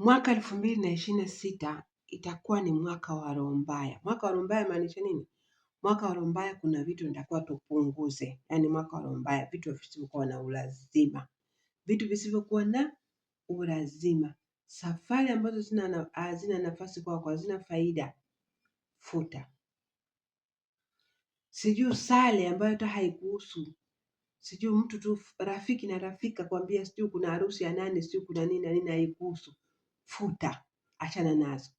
Mwaka elfu mbili na ishirini na sita itakuwa ni mwaka wa roho mbaya. Mwaka wa roho mbaya maanisha nini? Mwaka wa roho mbaya, kuna vitu nitakuwa tupunguze, yaani mwaka wa roho mbaya, vitu visivyokuwa na ulazima, vitu visivyokuwa na ulazima, safari ambazo zina na- hazina nafasi kwako, hazina faida, futa. Sijui sale ambayo hata haikuhusu, sijui mtu tu, rafiki na rafika kwambia, sijui kuna harusi ya nani, sijui kuna nini na nini, haikuhusu, futa, achana nazo.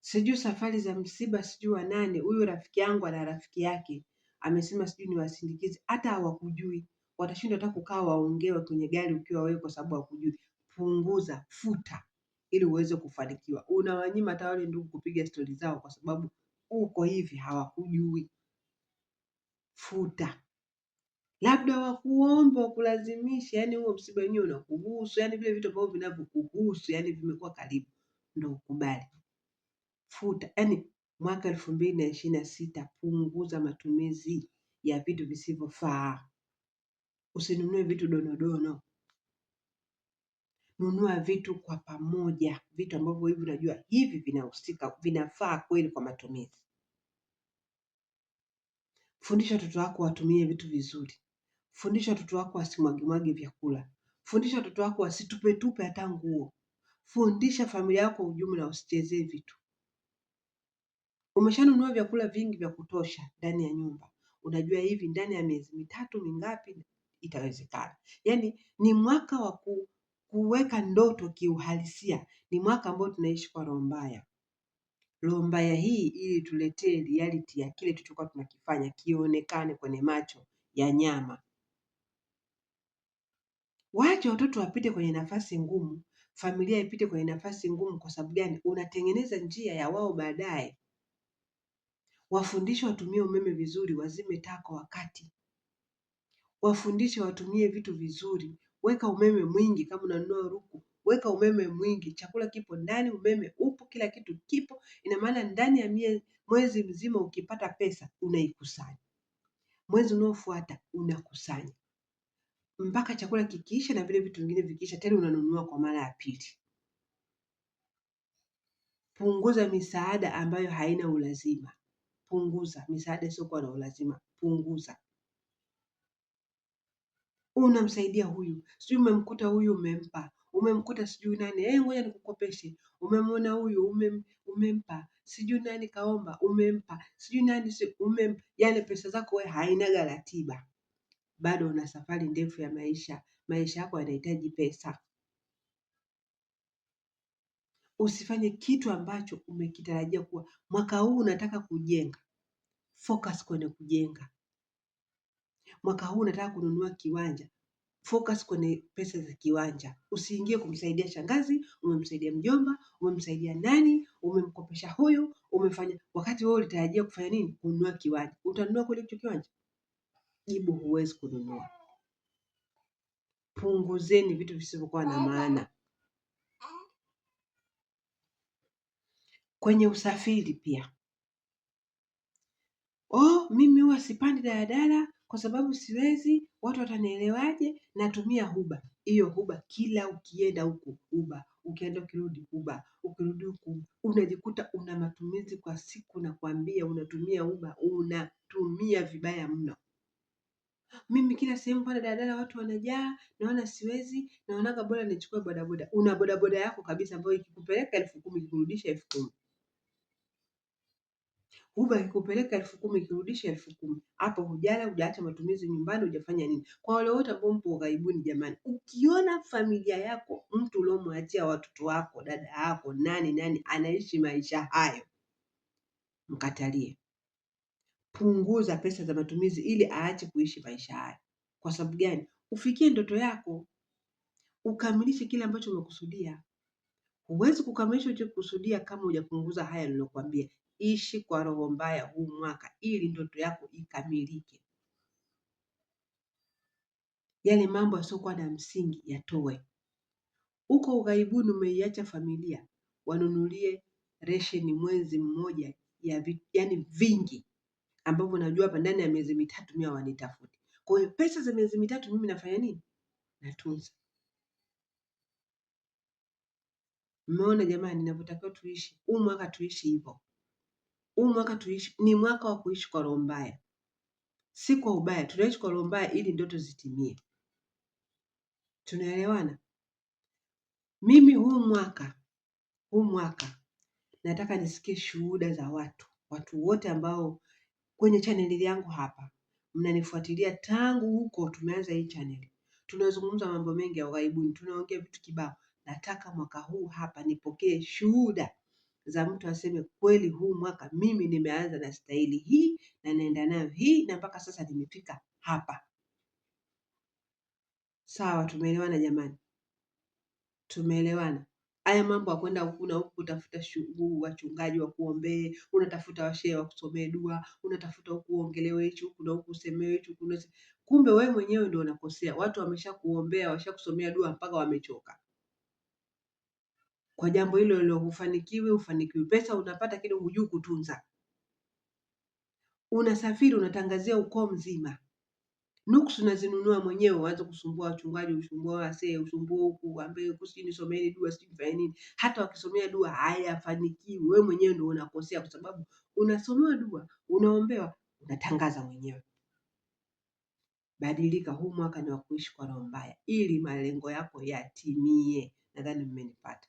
Sijui safari za msiba, sijui wa nani, huyu rafiki yangu ana rafiki yake amesema sijui ni wasindikizi hata hawakujui, watashindwa hata kukaa waongewe kwenye gari ukiwa wewe, kwa sababu hawakujui. Punguza, futa ili uweze kufanikiwa. Unawanyima hata wale ndugu kupiga stori zao, kwa sababu uko hivi hawakujui. Futa labda kuomba wakulazimisha, yani huo msiba wenyewe unakuhusu, yani vile vitu ambavyo vinavyokuhusu yani vimekuwa karibu, ndo ukubali. Futa yani mwaka elfu mbili na ishirini na sita punguza matumizi ya vitu visivyofaa. Usinunue vitu donodono, nunua vitu kwa pamoja, vitu ambavyo hivi unajua hivi vinahusika, vinafaa kweli kwa matumizi. Fundisha watoto wako watumie vitu vizuri. Fundisha watoto wako wasimwagimwagi vyakula. Fundisha watoto wako wasitupetupe hata nguo. Fundisha familia yako ujumla, usichezee vitu. Umeshanunua vyakula vingi vya kutosha ndani ya nyumba, unajua hivi ndani ya miezi mitatu mingapi itawezekana. Yaani ni mwaka wa kuweka ndoto kiuhalisia, ni mwaka ambao tunaishi kwa roho mbaya. Roho mbaya hii ili tuletee reality ya kile tulichokuwa tunakifanya kionekane kwenye macho ya nyama. Waache watoto wapite kwenye nafasi ngumu, familia ipite kwenye nafasi ngumu. Kwa sababu gani? Unatengeneza njia ya wao baadaye wafundishe watumie umeme vizuri, wazime taa kwa wakati, wafundishe watumie vitu vizuri. Weka umeme mwingi, kama unanunua ruku, weka umeme mwingi. Chakula kipo ndani, umeme upo, kila kitu kipo. Ina maana ndani ya mie, mwezi mzima ukipata pesa unaikusanya, mwezi unaofuata unakusanya mpaka chakula kikiisha na vile vitu vingine vikiisha, tena unanunua kwa mara ya pili. Punguza misaada ambayo haina ulazima. Punguza misaada isiyokuwa na ulazima, punguza. Unamsaidia huyu, sijui umemkuta huyu umempa, umemkuta sijui nani, eh, ngoja nikukopeshe. Umemwona huyu umem, umempa, sijui nani kaomba, umempa, sijui nani si, umem, yani pesa zako wewe hainaga ratiba bado una safari ndefu ya maisha. Maisha yako yanahitaji pesa. Usifanye kitu ambacho umekitarajia kuwa mwaka huu unataka kujenga. Focus kwenye kujenga. Mwaka huu unataka kununua kiwanja. Focus kwenye pesa za kiwanja. Usiingie kumsaidia shangazi, umemsaidia mjomba, umemsaidia nani, umemkopesha huyu, umefanya wakati wewe ulitarajia kufanya nini? Kununua kiwanja. Utanunua kule hicho kiwanja? jibu huwezi kununua. Punguzeni vitu visivyokuwa na maana. Kwenye usafiri pia, oh, mimi huwa sipandi daladala kwa sababu siwezi, watu watanielewaje? Natumia huba. Hiyo huba kila ukienda huku huba, ukienda ukirudi huba, ukirudi huku, unajikuta una matumizi kwa siku, nakwambia, unatumia huba, unatumia vibaya mno mimi kila sehemu pale daladala watu wanajaa, naona siwezi, naonaga bora nichukue bodaboda. Una bodaboda yako kabisa ambayo ikikupeleka elfu kumi ikikurudisha elfu kumi uba ikikupeleka elfu kumi ikirudisha elfu kumi Hapo hujala, hujaacha matumizi nyumbani, hujafanya nini? Kwa wale wote ambao mpo ughaibuni, jamani, ukiona familia yako, mtu uliomwachia watoto wako, dada yako, nani nani, anaishi maisha hayo, mkatalie punguza pesa za matumizi ili aache kuishi maisha haya. Kwa sababu gani? Ufikie ndoto yako, ukamilishe kile ambacho umekusudia. Huwezi kukamilisha ulichokusudia kama hujapunguza haya nilokuambia. Ishi kwa roho mbaya huu mwaka ili ndoto yako ikamilike. Yale mambo yasiokuwa na msingi yatoe Uko ughaibuni umeiacha familia, wanunulie resheni mwezi mmoja ya vi, yani vingi ambavyo najua hapa ndani ya miezi mitatu mimi hawanitafuti. Kwa hiyo pesa za miezi mitatu mimi nafanya nini? Natunza. Mmeona jamani, ninavyotakiwa tuishi huu mwaka, tuishi hivyo. Huu mwaka tuishi, ni mwaka wa kuishi kwa roho mbaya, si kwa ubaya. Tunaishi kwa roho mbaya ili ndoto zitimie. Tunaelewana? Mimi huu mwaka huu mwaka nataka nisikie shuhuda za watu, watu wote ambao kwenye chaneli yangu hapa, mnanifuatilia tangu huko tumeanza hii chaneli. Tunazungumza mambo mengi ya ughaibuni, tunaongea vitu kibao. Nataka mwaka huu hapa nipokee shuhuda za mtu aseme kweli, huu mwaka mimi nimeanza na staili hii na naenda nayo hii na mpaka sasa nimefika hapa. Sawa, tumeelewana jamani? Tumeelewana. Haya mambo ya kwenda huku na huku kutafuta wachungaji wachungaji kuombee unatafuta washehe wakusomee dua, unatafuta huku uongelewe hichi huku na huku usemewe hichi huku kumbe wewe mwenyewe ndio unakosea. Watu wameshakuombea, washakusomea dua mpaka wamechoka. Kwa jambo hilo hilo hufanikiwi, hufanikiwi. Pesa unapata kile hujui kutunza. Unasafiri unatangazia ukoo mzima nuksi unazinunua mwenyewe, waanze kusumbua wachungaji, usumbua wasee, usumbua huku, uambie kusi nisomeeni dua, sijui fanya nini. Hata wakisomea dua hayafanikiwi, wewe mwenyewe ndio unakosea, kwa sababu unasomewa dua, unaombewa, unatangaza mwenyewe. Badilika, huu mwaka ni wa kuishi kwa roho mbaya, ili malengo yako yatimie. Nadhani mmenipata.